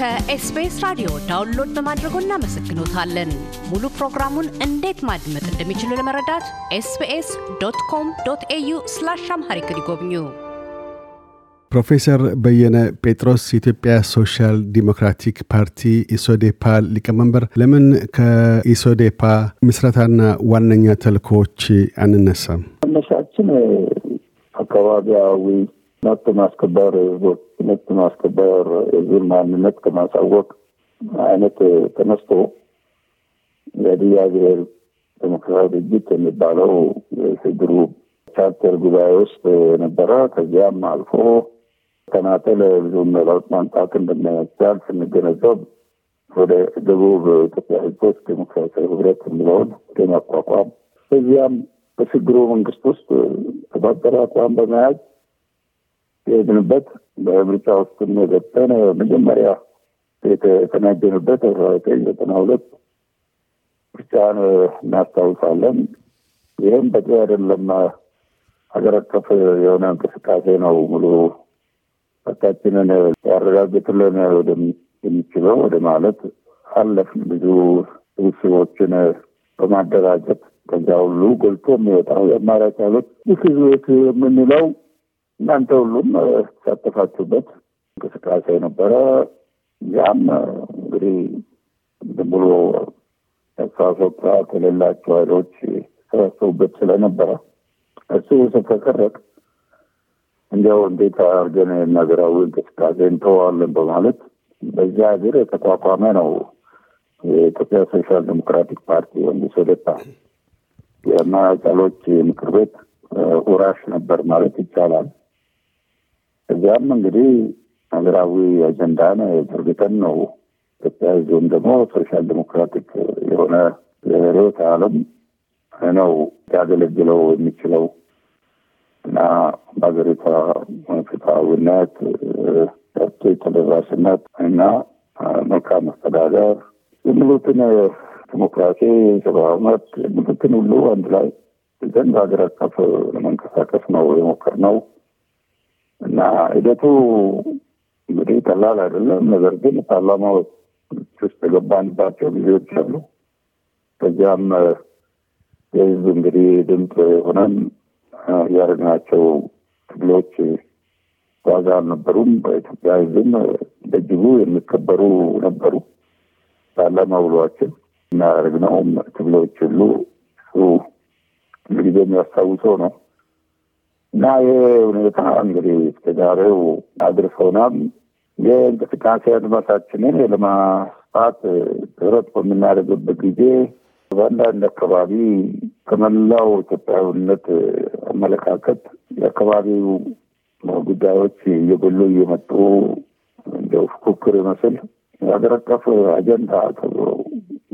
ከኤስቢኤስ ራዲዮ ዳውንሎድ በማድረጎ እናመሰግኖታለን። ሙሉ ፕሮግራሙን እንዴት ማድመጥ እንደሚችሉ ለመረዳት ኤስቢኤስ ዶት ኮም ዶት ኤዩ ስላሽ አምሃሪክ ይጎብኙ። ፕሮፌሰር በየነ ጴጥሮስ የኢትዮጵያ ሶሻል ዲሞክራቲክ ፓርቲ ኢሶዴፓ ሊቀመንበር፣ ለምን ከኢሶዴፓ ምስረታና ዋነኛ ተልእኮዎች አንነሳም? መነሻችን አካባቢያዊ መብት ማስከበር ህዝቦች መብት ማስከበር የህዝብን ማንነት ከማሳወቅ አይነት ተነስቶ የድያ ብሔር ዴሞክራሲያዊ ድርጅት የሚባለው የሽግሩ ቻርተር ጉባኤ ውስጥ የነበረ ከዚያም አልፎ ተናጠል ብዙም ለውጥ ማምጣት እንደማይቻል ስንገነዘብ ወደ ደቡብ ኢትዮጵያ ህዝቦች ዴሞክራሲያዊ ህብረት የሚለውን ወደ ማቋቋም እዚያም በሽግሩ መንግስት ውስጥ ተባበረ አቋም በመያዝ የሄድንበት በምርጫ ውስጥ የገጠን መጀመሪያ የተናጀንበት አስራ ዘጠኝ ዘጠና ሁለት ምርጫን እናስታውሳለን። ይህም በቂ አይደለም፣ ሀገር አቀፍ የሆነ እንቅስቃሴ ነው። ሙሉ ፈታችንን ያረጋግጥልን የሚችለው ወደ ማለት አለፍን። ብዙ ስብስቦችን በማደራጀት ከዚያ ሁሉ ጎልቶ የሚወጣው የአማራጭ ኃይሎች ህዝብ የምንለው እናንተ ሁሉም ተሳተፋችሁበት እንቅስቃሴ ነበረ። ያም እንግዲህ ዝም ብሎ ሳሶታ ስርዓት ኃይሎች ተሰባሰቡበት ስለነበረ እሱ ስተሰረቅ እንዲያው እንዴት አርገን ሀገራዊ እንቅስቃሴ እንተዋለን በማለት በዚያ ሀገር የተቋቋመ ነው የኢትዮጵያ ሶሻል ዴሞክራቲክ ፓርቲ መንግስት ሶደታ የማጫሎች ምክር ቤት ኡራሽ ነበር ማለት ይቻላል። እዚያም እንግዲህ ሀገራዊ አጀንዳን ዘርግተን ነው ኢትዮጵያ ዞን ደግሞ ሶሻል ዴሞክራቲክ የሆነ ርዕዮተ ዓለም ነው ሊያገለግለው የሚችለው እና በሀገሪቷ ፍትሐዊነት፣ ጠቶ ተደራሽነት እና መልካም መስተዳደር የሚሉትን ዲሞክራሲ፣ ሰብአዊ መብት የሚሉትን ሁሉ አንድ ላይ ዘንድ በሀገር አቀፍ ለመንቀሳቀስ ነው የሞከርነው። እና ሂደቱ እንግዲህ ቀላል አይደለም። ነገር ግን ፓርላማ ውስጥ የገባንባቸው ጊዜዎች አሉ። ከዚያም የህዝብ እንግዲህ ድምፅ የሆነን ያደረግናቸው ትግሎች ዋጋ አልነበሩም። በኢትዮጵያ ህዝብም በእጅጉ የሚከበሩ ነበሩ። ፓርላማ ውሏችን እናደርግነውም ትግሎች ሁሉ እሱ የሚያስታውሰው ነው። እና ይህ ሁኔታ እንግዲህ እስከዛሬው አድርሶናል። የእንቅስቃሴ አድማሳችንን የለማስፋት ጥረት በምናደርግበት ጊዜ በአንዳንድ አካባቢ ከመላው ኢትዮጵያዊነት አመለካከት የአካባቢው ጉዳዮች እየጎሉ እየመጡ እንደ ፉክክር ይመስል የሀገር አቀፍ አጀንዳ ተብሎ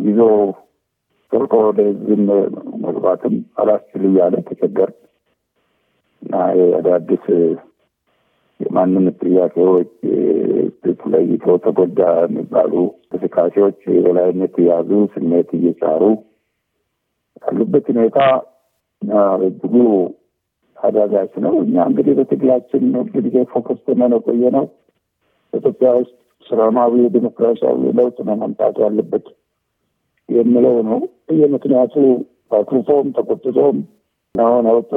ይዞ ሰርቆ ወደ ህዝብ መግባትም አላስችል እያለ ተቸገር እና አዳዲስ የማንም ጥያቄዎች ለይቶ ተጎዳ የሚባሉ እንቅስቃሴዎች የበላይነት የያዙ ስሜት እየጫሩ ያሉበት ሁኔታ እጅጉ አዳጋች ነው። እኛ እንግዲህ በትግላችን ጊዜ ፎከስ ነው የቆየ ነው። ኢትዮጵያ ውስጥ ሰላማዊ ዲሞክራሲያዊ ለውጥ ነው መምጣቱ ያለበት የሚለው ነው። ምክንያቱ አኩርፎም ተቆጥቶም አሁን ለውጥ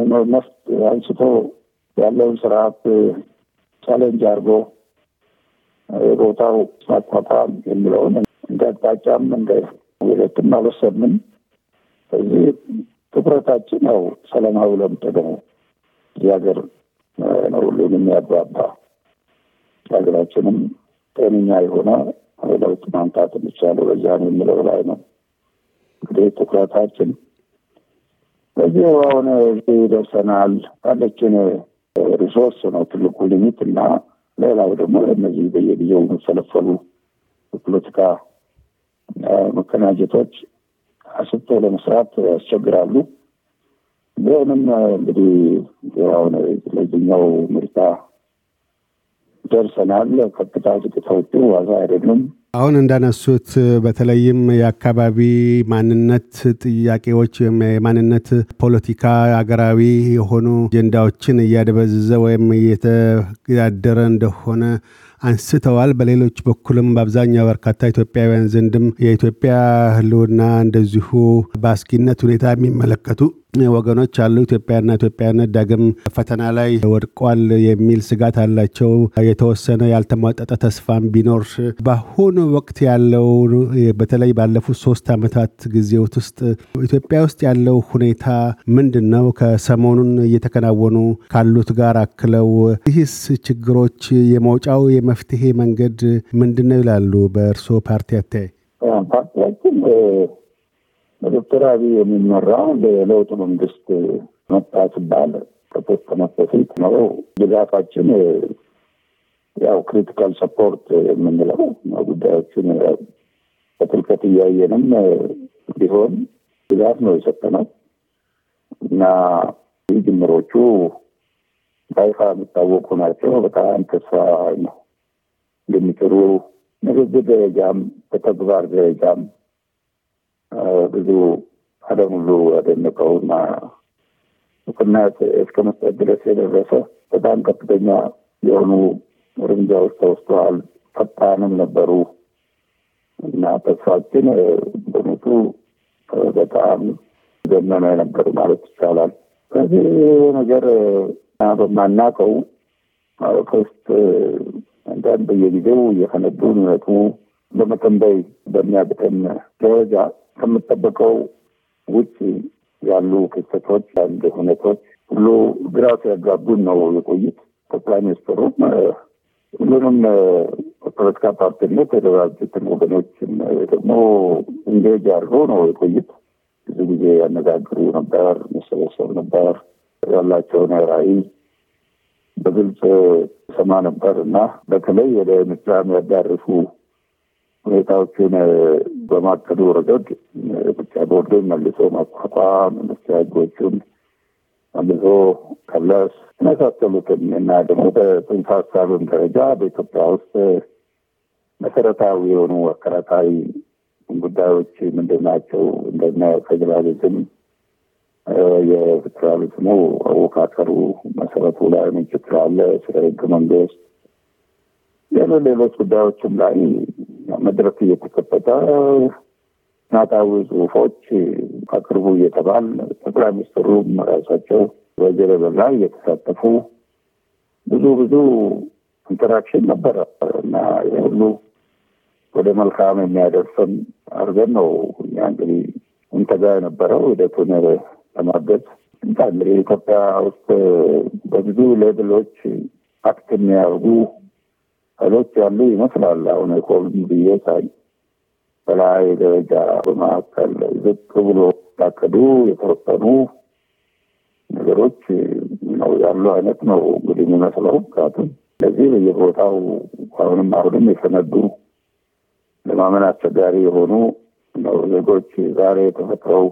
ኦልሞስት አንስቶ ያለውን ስርዓት ቻሌንጅ አድርጎ የቦታው ማቋቋም የሚለውን እንደ አቅጣጫም እንደ ውለትም አልወሰንም። እዚህ ትኩረታችን ያው ሰላማዊ ለምጥ ነው። የሀገር ነው ሁሉንም የሚያግባባ ሀገራችንም ጤነኛ የሆነ ለውጥ ማምጣት የሚቻለው በዚያ ነው የሚለው ላይ ነው እንግዲህ ትኩረታችን። በዚህ በሆነ ደርሰናል ካለችን ሪሶርስ ነው ትልቁ ልሚት እና ሌላው ደግሞ እነዚህ በየጊዜው የሚፈለፈሉ የፖለቲካ መቀናጀቶች አስቶ ለመስራት ያስቸግራሉ። ቢሆንም እንግዲህ ሁን ለዚኛው ምርጫ ደርሰናል። ከፍታ ዝቅታዎቹ ዋዛ አይደሉም። አሁን እንዳነሱት በተለይም የአካባቢ ማንነት ጥያቄዎች ወይም የማንነት ፖለቲካ አገራዊ የሆኑ አጀንዳዎችን እያደበዘዘ ወይም እየተዳደረ እንደሆነ አንስተዋል። በሌሎች በኩልም በአብዛኛው በርካታ ኢትዮጵያውያን ዘንድም የኢትዮጵያ ህልውና እንደዚሁ በአስጊነት ሁኔታ የሚመለከቱ ወገኖች አሉ። ኢትዮጵያና ኢትዮጵያነት ዳግም ፈተና ላይ ወድቋል የሚል ስጋት አላቸው። የተወሰነ ያልተሟጠጠ ተስፋም ቢኖር በአሁኑ ወቅት ያለው በተለይ ባለፉት ሶስት ዓመታት ጊዜዎት ውስጥ ኢትዮጵያ ውስጥ ያለው ሁኔታ ምንድን ነው? ከሰሞኑን እየተከናወኑ ካሉት ጋር አክለው ይህስ ችግሮች የመውጫው የመፍትሄ መንገድ ምንድን ነው ይላሉ? በእርስዎ ፓርቲ አታይ በዶክተር አብይ የሚመራው በለውጥ መንግስት መጣ ሲባል ከተወሰነ በፊት ነው ድጋፋችን ያው ክሪቲካል ሰፖርት የምንለው ጉዳዮችን በጥልቀት እያየንም ቢሆን ድጋፍ ነው የሰጠነው እና ይህ ጅምሮቹ በይፋ የሚታወቁ ናቸው። በጣም ተስፋ ነው የሚጥሩ ንግግር ደረጃም በተግባር ደረጃም ብዙ ዓለም ሁሉ ያደነቀውና እውቅና እስከ መስጠት ድረስ የደረሰ በጣም ከፍተኛ የሆኑ እርምጃዎች ተወስተዋል። ፈጣንም ነበሩ እና ተስፋችን በሞቱ በጣም ገነነ ነበር ማለት ይቻላል። ከዚህ ነገር በማናቀው ከውስጥ አንዳንድ በየጊዜው እየፈነዱ የሚመጡ በመተንበይ በሚያቅተን ደረጃ ከምጠበቀው ውጭ ያሉ ክስተቶች ያሉ ሁኔታዎች ሁሉ ግራ ሲያጋቡን ነው የቆዩት። ጠቅላይ ሚኒስትሩም ሁሉንም ፖለቲካ ፓርቲነት የተደራጁትን ወገኖችን ደግሞ እንዴጅ አድርጎ ነው የቆዩት። ብዙ ጊዜ ያነጋግሩ ነበር፣ መሰበሰብ ነበር፣ ያላቸውን ራዕይ በግልጽ ሰማ ነበር እና በተለይ ወደ ምስራም ያዳርፉ ሁኔታዎችን በማቀዱ ረገድ ምርጫ ቦርድን መልሶ ማቋቋም፣ ምርጫ ህጎቹን መልሶ ከለስ የመሳሰሉትን እና ደግሞ በጽንሰ ሀሳብን ደረጃ በኢትዮጵያ ውስጥ መሰረታዊ የሆኑ አከራካሪ ጉዳዮች ምንድን ናቸው? እንደነ ፌዴራሊዝም የፌዴራሊዝሙ አወቃቀሩ መሰረቱ ላይ ምን ችግር አለ? ስለ ህገ መንግስት ሌሎች ጉዳዮችም ላይ መድረክ እየተከፈተ ናታዊ ጽሁፎች አቅርቡ እየተባል ጠቅላይ ሚኒስትሩ ራሳቸው በጀረበር ላይ እየተሳተፉ ብዙ ብዙ ኢንተራክሽን ነበረ እና ሁሉ ወደ መልካም የሚያደርሰን አድርገን ነው እኛ እንግዲህ እንተጋ የነበረው ሂደቱን ለማገዝ እንግዲህ ኢትዮጵያ ውስጥ በብዙ ሌብሎች አክት የሚያርጉ። ኃይሎች ያሉ ይመስላል። አሁን ኮቪድ ብዬ ሳይ በላይ ደረጃ በመካከል ዝቅ ብሎ ታቀዱ የተወሰኑ ነገሮች ነው ያሉ አይነት ነው እንግዲህ የሚመስለው። ምክንያቱም ለዚህ በየቦታው አሁንም አሁንም የሰነዱ ለማመን አስቸጋሪ የሆኑ ነው ዜጎች ዛሬ ተፈጥረው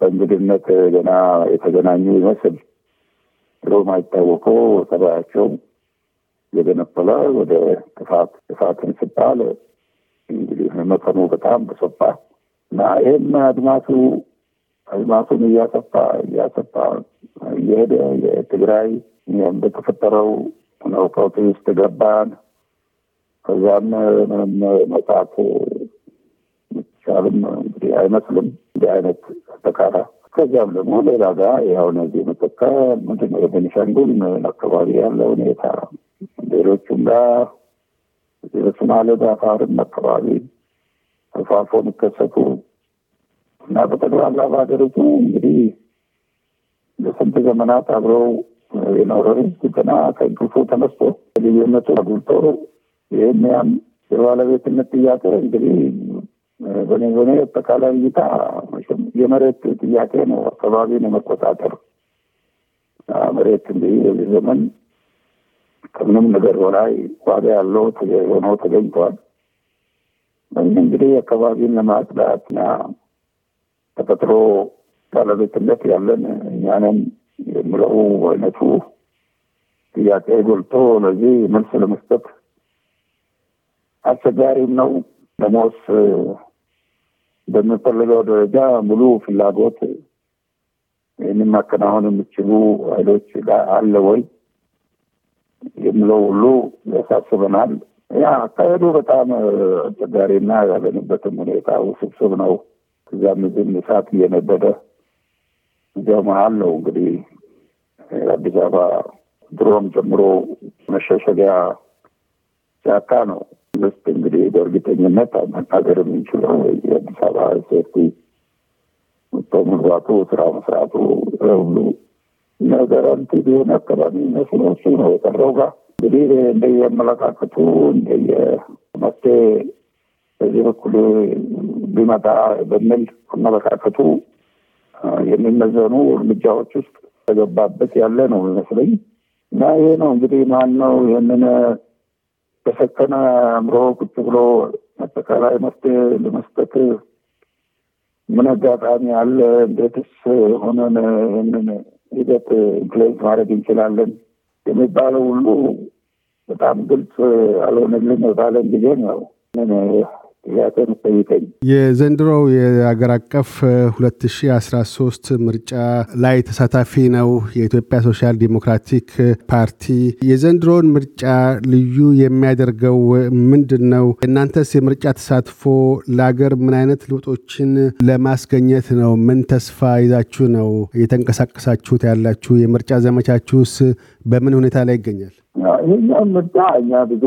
በእንግድነት ገና የተገናኙ ይመስል ድሮ ማይታወቀው ጠባያቸው የገነፈለ ወደ ጥፋት ጥፋትን ስባል እንግዲህ መጠኑ በጣም በሰፋ እና ይህም አድማሱ አድማሱን እያሰፋ እያሰፋ እየሄደ የትግራይ በተፈጠረው ነውቀውት ውስጥ ገባን። ከዛም ምንም መውጣት ይቻልም እንግዲህ አይመስልም እንዲህ አይነት አጠቃራ ከዚያም ደግሞ ሌላ ጋር ያው እነዚህ መጠቃ ምንድነው የቤኒሻንጉል አካባቢ ያለው ሁኔታ ሌሎቹም ጋር የሱማሌ አፋርም አካባቢ ተፋፎ የሚከሰቱ እና በጠቅላላ በሀገሪቱ እንግዲህ ለስንት ዘመናት አብረው የኖረ ህዝብ ገና ከእንቅልፉ ተነስቶ ልዩነቱ አጉልቶ ይህን ያም የባለቤትነት ጥያቄ እንግዲህ በኔ በኔ አጠቃላይ እይታ የመሬት ጥያቄ ነው። አካባቢን የመቆጣጠር መሬት እንግዲህ በዚህ ዘመን ከምንም ነገር በላይ ዋጋ ያለው ሆኖ ተገኝቷል። ይህ እንግዲህ አካባቢን ለማጽዳት ተፈጥሮ ባለቤትነት ያለን እኛንም የምለው አይነቱ ጥያቄ ጎልቶ ለዚህ መልስ ለመስጠት አስቸጋሪም ነው። ለሞስ በምንፈልገው ደረጃ ሙሉ ፍላጎት ይህንን ማከናወን የሚችሉ ኃይሎች አለ ወይ? የምለው ሁሉ ያሳስበናል። ያ አካሄዱ በጣም አስቸጋሪና ያለንበትም ሁኔታ ውስብስብ ነው። እዚያም እዚህም እሳት እየነደደ እዚያው መሀል ነው እንግዲህ አዲስ አበባ ድሮም ጀምሮ መሸሸጊያ ጫካ ነው። ውስጥ እንግዲህ በእርግጠኝነት መናገር የምንችለው የአዲስ አበባ ሴፍቲ መቶ መግባቱ ስራ መስራቱ ሁሉ ነገር ቢሆን አካባቢ መስሎ እሱ ነው የቀረው ጋር እንግዲህ እንደየአመለካከቱ እንደየመፍትሄ በዚህ በኩል ቢመጣ በሚል አመለካከቱ የሚመዘኑ እርምጃዎች ውስጥ ተገባበት ያለ ነው ይመስለኝ እና ይሄ ነው እንግዲህ ማን ነው ይህንን በሰከነ አእምሮ ቁጭ ብሎ አጠቃላይ መፍትሄ ለመስጠት ምን አጋጣሚ አለ? እንዴትስ ሆነን ይህንን ሂደት ኢንፍሉዌንስ ማድረግ እንችላለን የሚባለው ሁሉ በጣም ግልጽ አልሆነልን ባለን ጊዜ ነው ጥያቄ የምጠይቀኝ የዘንድሮው የአገር አቀፍ 2013 ምርጫ ላይ ተሳታፊ ነው። የኢትዮጵያ ሶሻል ዲሞክራቲክ ፓርቲ የዘንድሮውን ምርጫ ልዩ የሚያደርገው ምንድን ነው? እናንተስ የምርጫ ተሳትፎ ለአገር ምን አይነት ለውጦችን ለማስገኘት ነው? ምን ተስፋ ይዛችሁ ነው እየተንቀሳቀሳችሁት ያላችሁ? የምርጫ ዘመቻችሁስ በምን ሁኔታ ላይ ይገኛል? ይህኛው ምርጫ እኛ ብዙ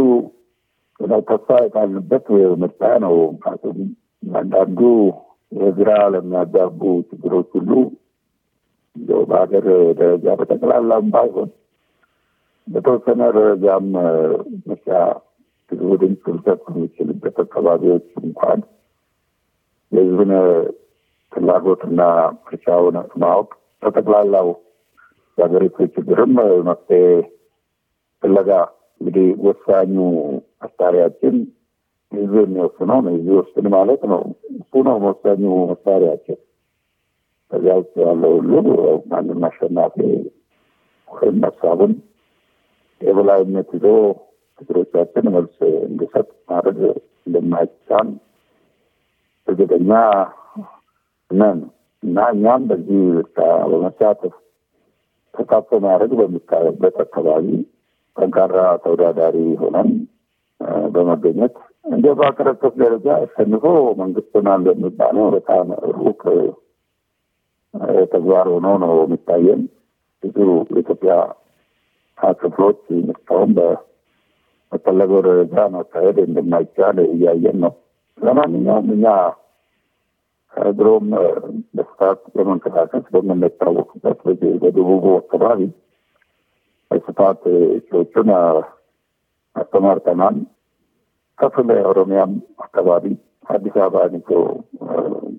ተስፋ የጣልንበት ምርጫ ነው። ምክንያቱም አንዳንዱ የግራ ለሚያጋቡ ችግሮች ሁሉ በሀገር ደረጃ በጠቅላላም ባይሆን በተወሰነ ደረጃም ምርጫ ህዝቡ ድምፅ ሊሰጥ የሚችልበት አካባቢዎች እንኳን የህዝብን ፍላጎትና ምርጫውን ማወቅ በጠቅላላው የሀገሪቱ ችግርም መፍትሄ ፍለጋ እንግዲህ ወሳኙ መሳሪያችን ህዝብ የሚወስነው ነው። ህዝብ ወስን ማለት ነው። እሱ ነው ወሳኙ መሳሪያችን። ከዚያ ውስጥ ያለው ሁሉ ማንም አሸናፊ ወይም ሀሳቡን የበላይነት ይዞ ችግሮቻችን መልስ እንዲሰጥ ማድረግ እንደማይቻል እርግጠኛ ነን እና እኛም በዚህ በመሳተፍ ተሳትፎ ማድረግ በሚቻልበት አካባቢ ጠንካራ ተወዳዳሪ ሆነን በመገኘት እንደ በሀገር አቀፍ ደረጃ አሸንፎ መንግስት መንግስትናል የሚባለው በጣም ሩቅ ተግባር ሆኖ ነው የሚታየን። ብዙ የኢትዮጵያ ክፍሎች ምርጫውን በፈለገው ደረጃ መካሄድ እንደማይቻል እያየን ነው። ለማንኛውም እኛ ድሮም በስፋት በመንቀሳቀስ በምንታወቅበት በደቡቡ አካባቢ በስፋት እጩዎቹን አስተማርተናል። ከፍለ ኦሮሚያም አካባቢ አዲስ አበባ ንቶ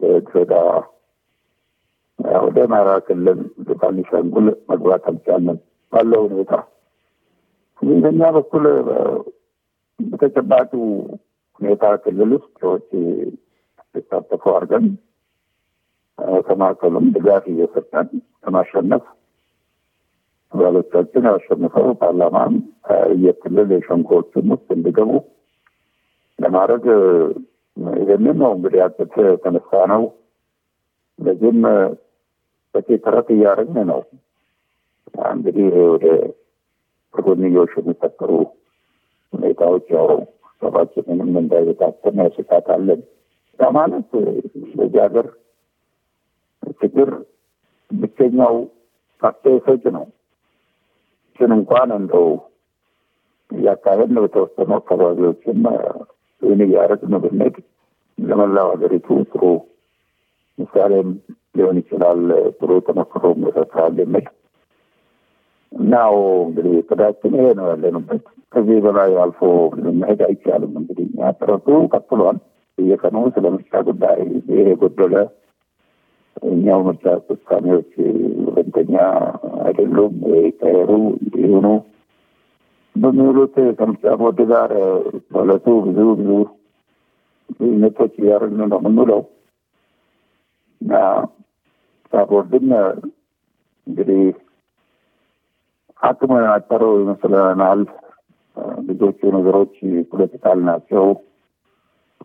በድሬዳ ወደ አማራ ክልል ቤንሻንጉል መግባት አልቻለም ባለው ሁኔታ። በኛ በኩል በተጨባጩ ሁኔታ ክልል ውስጥ ሰዎች ሊሳተፉ አድርገን ከማዕከሉም ድጋፍ እየሰጠን ለማሸነፍ አባሎቻችን አሸንፈው ፓርላማን የክልል የሸንኮዎችን ውስጥ እንዲገቡ ለማድረግ ይህንን ነው እንግዲህ አጭት የተነሳ ነው። ለዚህም በቂ ጥረት እያደረግን ነው። እንግዲህ ወደ ጎንዮሽ የሚፈጠሩ ሁኔታዎች ያው ሰባችንንም እንዳይበታተን ስጋት አለን። ማለት በዚህ ሀገር ችግር ብቸኛው መፍትሄ ሰጭ ነው ግን እንኳን እንደው እያካሄድ ነው የተወሰኑ አካባቢዎችም ይህን ነው ብንሄድ ለመላው ሀገሪቱ ጥሩ ምሳሌም ሊሆን ይችላል። ጥሩ ተመክሮ ይሰጥራል የሚል እናው እንግዲህ ቅዳችን ይሄ ነው ያለንበት። ከዚህ በላይ አልፎ መሄድ አይቻልም። እንግዲህ ጥረቱ ቀጥሏል። እየቀኑ ስለምርጫ ጉዳይ ይሄ የጎደለ እኛው ምርጫ አስፈጻሚዎች ወገንተኛ አይደሉም። ተሩ እንዲሆኑ በሚውሉት ከምርጫ ቦርድ ጋር ማለቱ ብዙ ብዙ ነቶች እያደረግን ነው የምንውለው እና ምርጫ ቦርድን እንግዲህ አቅም ያጠረው ይመስለናል። ልጆቹ ነገሮች ፖለቲካል ናቸው።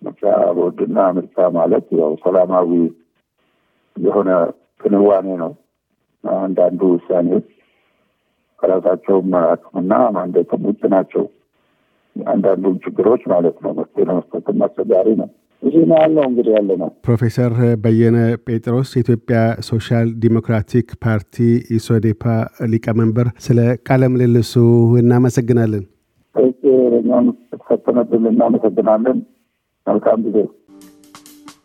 ምርጫ ቦርድና ምርጫ ማለት ያው ሰላማዊ የሆነ ክንዋኔ ነው። አንዳንዱ ውሳኔዎች ከራሳቸውም አቅምና ማንዴትም ውጭ ናቸው። አንዳንዱ ችግሮች ማለት ነው መፍትሄ ለመስጠትም አስቸጋሪ ነው። ይህ ፕሮፌሰር በየነ ጴጥሮስ የኢትዮጵያ ሶሻል ዲሞክራቲክ ፓርቲ ኢሶዴፓ ሊቀመንበር፣ ስለ ቃለ ምልልሱ እናመሰግናለን። እናመሰግናለን። መልካም ጊዜ